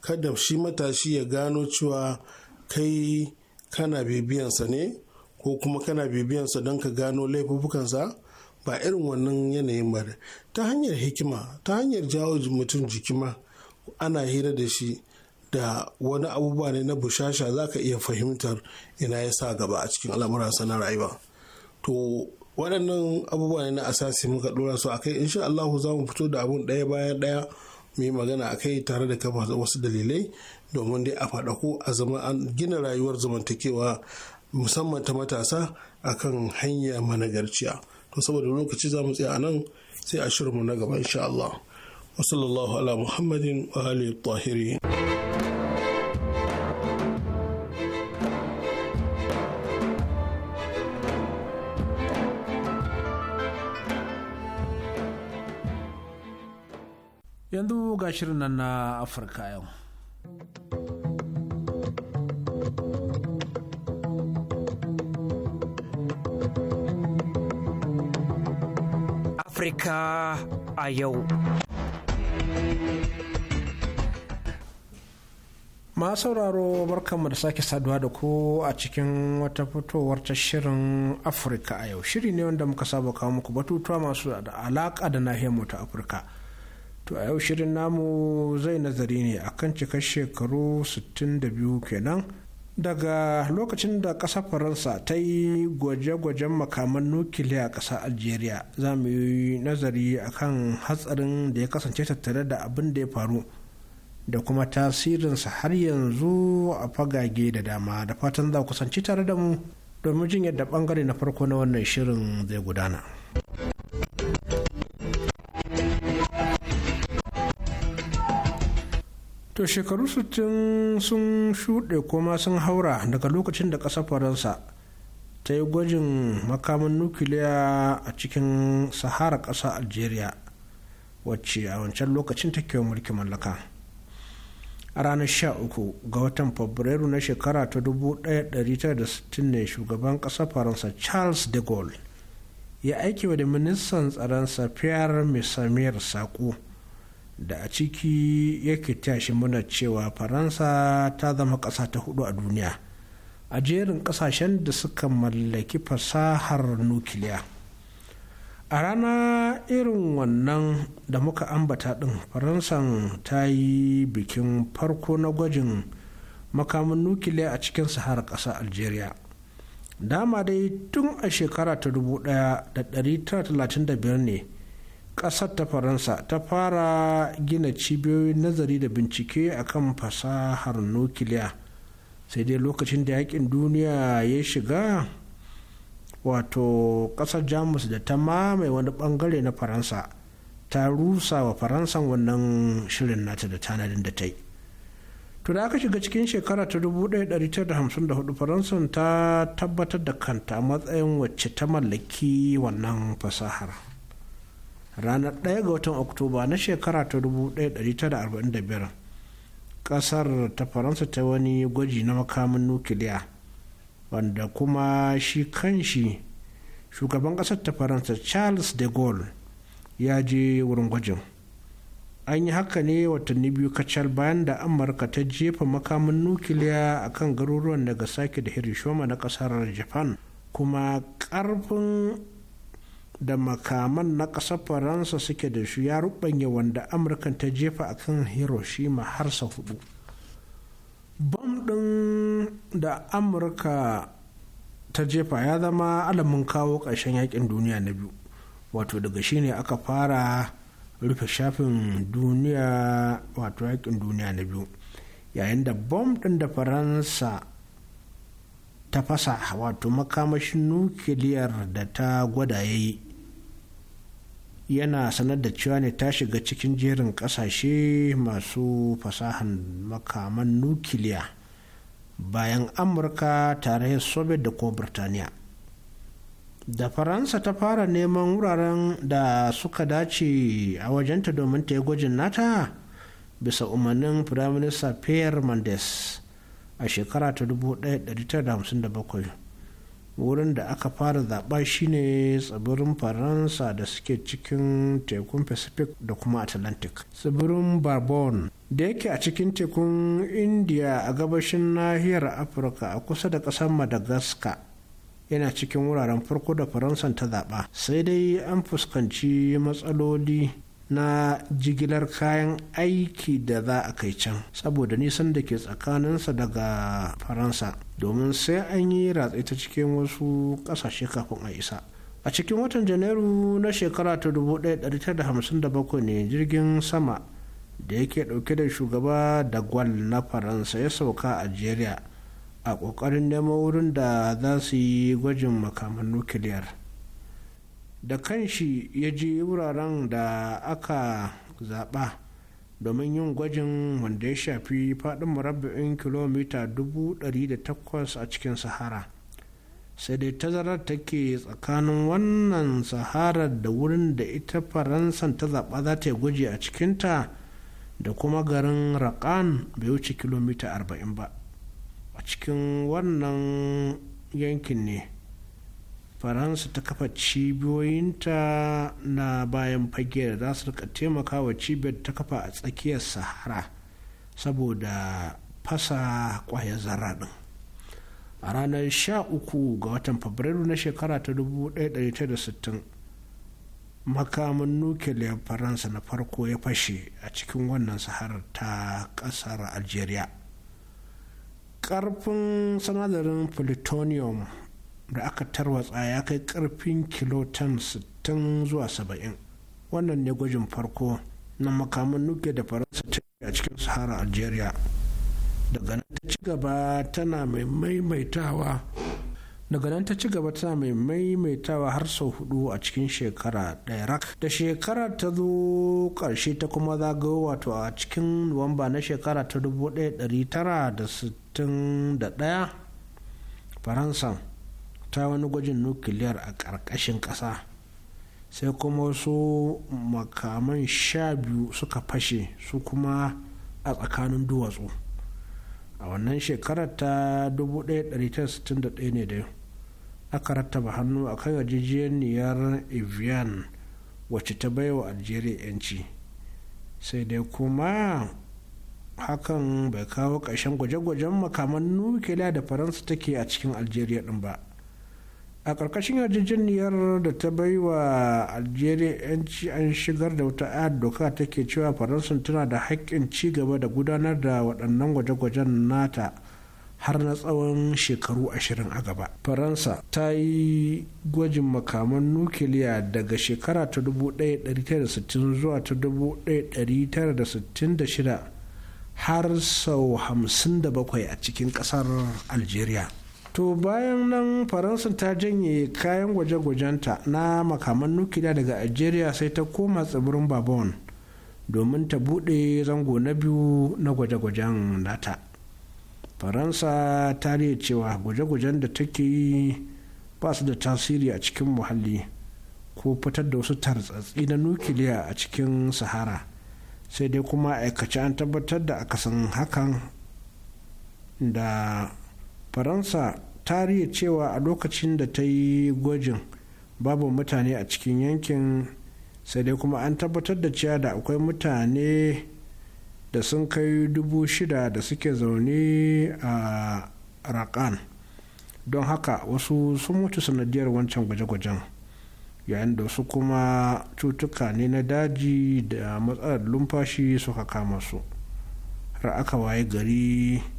kada shi matashi ya gano cewa kai kana bibiyansa ne ko kuma kana bibiyansa don ka gano laifuffukansa ba irin wannan yanayin ba ta hanyar hikima ta hanyar jawo mutum jikima ana hira da shi da wani abubuwa ne na bushasha za ka iya fahimtar ina ya sa gaba a cikin al'amuran sana rayuwa to waɗannan abubuwa ne na asasi muka ɗora su a kai insha Allah za mu fito da abun ɗaya bayan ɗaya mu yi magana a kai tare da kafa wasu dalilai domin dai a faɗako a zama an gina rayuwar zamantakewa musamman ta matasa akan hanya managarciya. kuma saboda lokaci za mu tsaya a nan sai a shirinmu na gaba insha Allah wa sallallahu ala muhammadin wa alihi tahiri yanzu ga shirin nan na afirka yau Afirka a yau. Ma sauraro barkanmu da sake saduwa da ku a cikin wata fitowar ta shirin Afirka a yau. Shiri ne wanda muka saba kawo muku batutuwa masu da alaƙa da nahiyarmu ta Afirka. To a yau shirin namu zai nazari ne akan cikar shekaru 62 kenan. daga lokacin da ƙasar faransa ta yi gwaje-gwajen makaman nukiliya a ƙasar algeria za mu yi nazari akan hatsarin da ya kasance tattare da abin da ya faru da kuma tasirinsa har yanzu a fagage da dama da fatan za kusanci tare da mu domin jin yadda bangare na farko na wannan shirin zai gudana. to shekaru sittin sun shuɗe kuma sun haura daga lokacin da ƙasar faransa ta yi gwajin makaman nukiliya a cikin sahara ƙasa algeria wacce a wancan lokacin ta kewa mulkin mallaka a ranar 13 ga watan fabrairu na shekara ta 1960 ne shugaban ƙasar faransa charles de gaulle ya wa da ministan tsaron safiyar misamir saƙo da a ciki yake tashi muna cewa faransa ta zama ƙasa ta hudu a duniya a jerin ƙasashen da suka mallaki fasahar nukiliya a rana irin wannan da muka ambata ɗin faransan ta yi bikin farko na gwajin makamin nukiliya a cikin sahara ƙasa algeria dama dai tun a shekara ta 1935 ne ƙasar ta faransa ta fara gina cibiyoyin nazari da bincike a kan fasahar nukiliya sai dai lokacin da yakin duniya ya shiga wato ƙasar jamus da ta mamaye wani ɓangare na faransa ta rusa wa faransan wannan shirin nata da tanadin da ta yi to da aka shiga cikin shekara ta 1954 faransan ta tabbatar da kanta a matsayin wacce ta mallaki wannan fasahar ranar 1 ga watan oktoba na shekara ta 1945 kasar ta faransa ta wani gwaji na makamin nukiliya wanda kuma shi kanshi shugaban kasar ta faransa charles de gaulle ya je wurin gwajin an yi haka ne watanni biyu kacal bayan da amurka ta jefa makamin nukiliya a kan garuruwan nagasaki da hirishoma na kasar japan kuma karfin da makaman na ƙasar faransa suke da shi ya rubanya wanda amurkan ta jefa a kan hiroshima har sa hudu bom ɗin da amurka ta jefa ya zama alamin kawo ƙarshen yakin duniya na biyu wato daga shi ne aka fara rufe shafin duniya wato yakin duniya na biyu yayin da bom ɗin da faransa ta fasa wato makamashin nukiliyar da ta gwada ya yi yana sanar da cewa ne ta shiga cikin jerin kasashe masu fasahan makaman nukiliya bayan amurka tarayyar soviet da kuma birtaniya da faransa ta fara neman wuraren da suka dace a wajenta domin ta yi gwajin nata bisa umarnin firaminista pierre mendes a shekara ta 1957 wurin da aka fara zaɓa shine tsibirin faransa da suke cikin tekun pacific da kuma atlantic tsibirin barbon da yake a cikin tekun india a gabashin nahiyar afirka a kusa da ƙasar madagascar yana cikin wuraren farko da faransa ta zaɓa sai dai an fuskanci matsaloli na jigilar kayan aiki da za a kai can saboda nisan da ke tsakaninsa daga faransa domin sai an yi ratsa ta cikin wasu ƙasashe kafin a isa a cikin watan janairu na shekara ta 1957 ne jirgin sama da yake ɗauke da shugaba da gwal na faransa ya sauka a algeria a ƙoƙarin neman wurin da za su yi gwajin makaman nukiliyar. da kanshi ya je wuraren da aka zaɓa domin yin gwajin wanda ya shafi faɗin murabba'in kilomita 800 a cikin sahara sai dai tazarar take tsakanin wannan sahara da wurin da ita faransan ta zaɓa za ta yi gwaji a cikinta da kuma garin raƙan bai wuce kilomita 40 ba a cikin wannan yankin ne faransa ta kafa cibiyoyinta na bayan fage da za su rika taimaka wa cibiyar ta kafa a tsakiyar sahara saboda fasa kwayar zarra din a ranar 13 ga watan fabrairu na shekara ta 1960 makamin nukiliyar faransa na farko ya fashe a cikin wannan sahara ta kasar algeria karfin sanadarin plutonium da aka tarwatsa ya kai karfin kilotan 60 zuwa 70 wannan ne gwajin farko na makaman nuke da faransa ta a cikin sahara algeria daga nan ta ci gaba tana mai maimaitawa daga nan ta ci gaba tana mai maimaitawa har sau hudu a cikin shekara ɗaya da shekara ta zo ƙarshe ta kuma zagayo wato a cikin nuwamba na shekara ta 1961 faransa ta wani gwajin nukiliyar a ƙarƙashin ƙasa sai kuma wasu makaman sha biyu suka fashe su kuma a tsakanin duwatsu a wannan shekarar ta 1961 ne da aka rattaba hannu a kan niyar evian wacce ta baiwa algeria 'yanci sai dai kuma hakan bai kawo ƙarshen gwaje-gwajen makaman nukiliya da faransa take a cikin algeria din ba a ƙarƙashin yarjejeniyar da ta bai wa algeria yanci an shigar da wata ayar doka ta take cewa faransa tana da haƙƙin ci gaba da gudanar da waɗannan gwaje-gwajen nata har na tsawon shekaru ashirin a gaba faransa ta yi gwajin makaman nukiliya daga shekara ta 1960 zuwa ta 1966 har sau 57 a cikin ƙasar algeria to bayan nan faransa ta janye kayan gwaje-gwajenta na makaman nukiliya daga algeria sai ta koma tsibirin babon domin ta bude zango na biyu na gwaje-gwajen nata faransa ta cewa gwaje-gwajen da take yi ba su da tasiri a cikin muhalli ko fitar da wasu tartsatsi na nukiliya a cikin sahara sai dai kuma aikace an tabbatar da akasin hakan da faransa ta cewa a lokacin da ta yi gwajin babu mutane a cikin yankin sai dai kuma an tabbatar da cewa da akwai mutane da sun kai dubu shida da suke zaune a rakan don haka wasu sun mutu sanadiyar wancan gwaje-gwajen yayin da wasu kuma cutuka ne na daji da matsalar lumfashi suka kama su ra'aka waye gari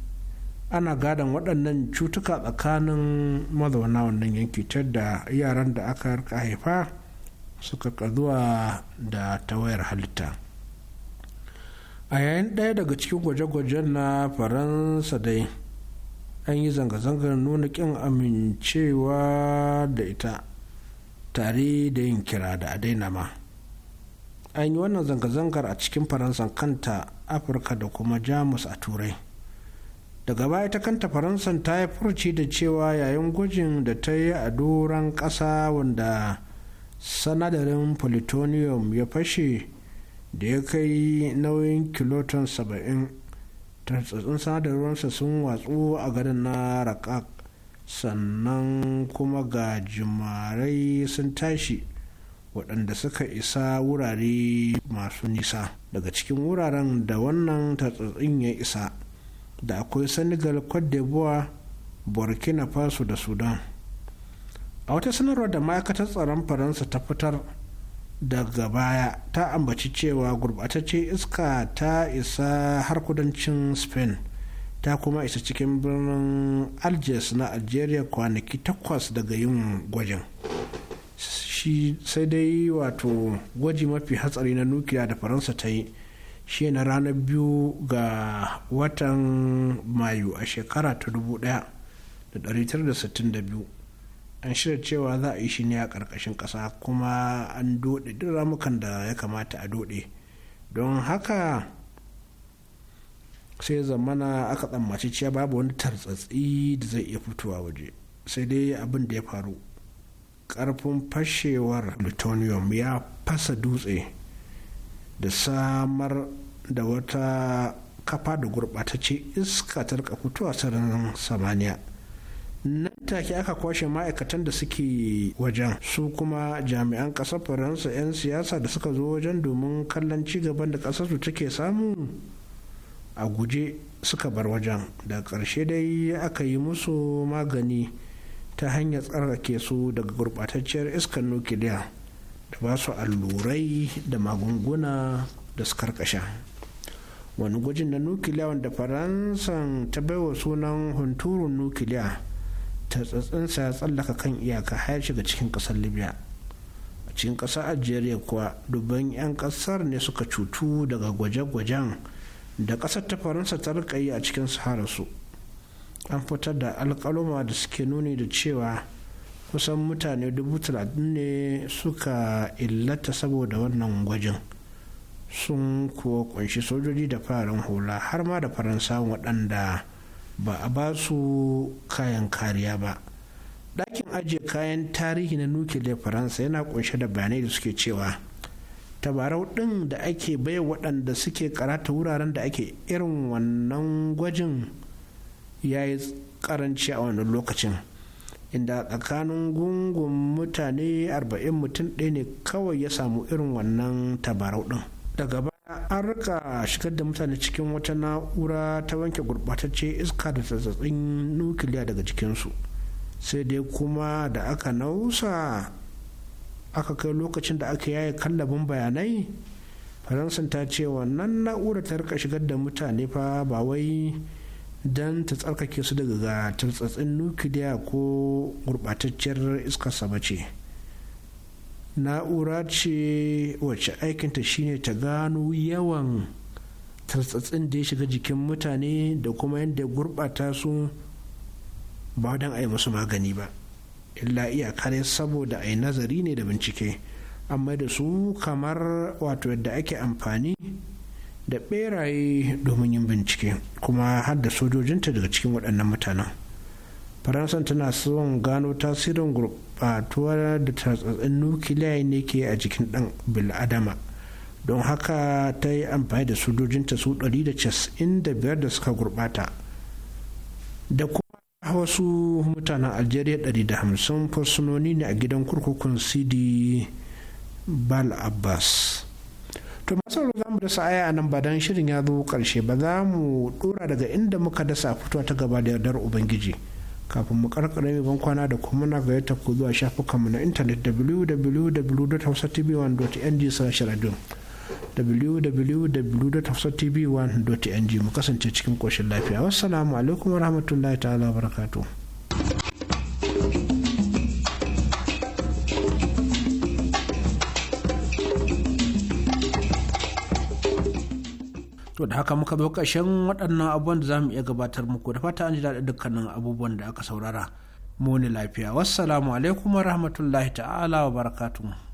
ana gadon waɗannan cutuka tsakanin mazauna wannan yanki ta da yaran da aka harka haifa suka kazuwa da tawayar halitta a yayin ɗaya daga cikin gwaje-gwajen na faransa dai an yi zanga-zangar nuna ƙin amincewa da ita tare da yin kira da a daina ma an yi wannan zanga-zangar a cikin faransa kanta afirka da kuma jamus a turai daga baya ta kanta faransa ta yi furci da cewa yayin gwajin da ta yi a doron ƙasa wanda sanadarin plutonium ya fashe da ya kai nauyin kiloton 70 tantsatsun sanadarwarsa sun watsu a garin na rakak sannan kuma ga jimarai sun tashi waɗanda suka isa wurare masu nisa daga cikin wuraren da wannan tatsatsin ya isa da akwai senegal cote d'ivoire burkina faso da sudan a wata sanarwar da ma'aikatar tsaron faransa ta fitar daga baya ta ambaci cewa gurbatacce iska ta isa har kudancin spain ta kuma isa cikin birnin algiers na algeria kwanaki takwas daga yin gwajin shi sai dai wato gwaji mafi hatsari na nukiliya da faransa ta yi shi na ranar biyu ga watan mayu a shekara ta 1962 an shirya cewa za a yi shi ne a ƙarƙashin ƙasa kuma an doɗe duk ramukan da ya kamata a doɗe don haka sai zamana aka tsammaci cewa babu wani tartsatsi da zai iya fitowa waje sai dai abin da ya faru ƙarfin fashewar plutonium ya fasa dutse da samar da wata kafa da gurɓatacce iska ta rika fitowa sararin samaniya nan take aka kwashe ma'aikatan da suke wajen su kuma jami'an ƙasar faransa 'yan siyasa da suka zo wajen domin kallon cigaban da ƙasarsu take samu a guje suka bar wajen da ƙarshe dai aka yi musu magani ta hanyar tsarrake su daga gurɓatacciyar iskar nukiliya da ba su allurai da magunguna da su karkasha wani gwajin na nukiliya wanda faransan ta baiwa sunan hunturun nukiliya ta tsatsinsa ya tsallaka kan iyaka har shiga cikin kasar libya a cikin kasar algeria kuwa dubban 'yan kasar ne suka cutu daga gwaje-gwajen da kasar ta faransa ta rika yi a cikin su an fitar da alkaluma da suke nuni da cewa kusan mutane dubu talatin ne suka illata saboda wannan gwajin sun kuwa kunshi sojoji da fararen hula har ma da faransa waɗanda ba a ba su kayan kariya ba ɗakin ajiye kayan tarihi na nukiliyar faransa yana kunshe da bayanai da suke cewa tabarau ɗin da ake bai waɗanda suke karata wuraren da ake irin wannan gwajin ya yi karanci a wannan lokacin inda tsakanin gungun mutane 40 mutum ɗaya ne kawai ya samu irin wannan tabarau ɗin daga baya an rika shigar da mutane cikin wata na'ura ta wanke gurɓatacce iska da tsatsatsin nukiliya daga jikinsu sai dai kuma da aka nausa aka kai lokacin da aka yaye kallabin bayanai faransan ta ce wannan na'ura ta rika shigar da mutane fa ba wai don ta tsarkake su daga tartsatsin nukiliya ko gurɓatacciyar iskarsa ce na'ura ce wacce aikinta shine ta gano yawan tartsatsin da ya shiga jikin mutane da kuma yadda gurɓata su ba don a yi musu magani ba illa iya kare saboda a yi nazari ne da bincike amma da su kamar wato yadda ake amfani da beraye domin yin bincike kuma har da sojojinta daga cikin waɗannan mutanen faransa tana son gano tasirin gurɓatuwar da tatsatsin nukiliya ne ke a jikin ɗan bil'adama don haka ta yi amfani da sojojinta su 195 da biyar da suka gurɓata da kuma wasu mutanen algeria 150 fursunoni ne a gidan kurkukun sidi bal abbas to masu zamu dasa aya nan ba don shirin ya zo karshe ba za mu dora daga inda muka dasa fitowa ta gaba da yardar ubangiji kafin mu karkare mai bankwana da kuma na gayyata ku zuwa shafukanmu na intanet www.hausatv1.ng/radio www.hausatv1.ng mu kasance cikin koshin lafiya wassalamu alaikum warahmatullahi ta'ala barakatu to da haka muka bai ƙarshen waɗannan abubuwan da za mu iya gabatar muku da fata an ji daɗin dukkanin abubuwan da aka saurara mu ne lafiya wassalamu alaikum wa rahmatullahi ta'ala wa barakatuhu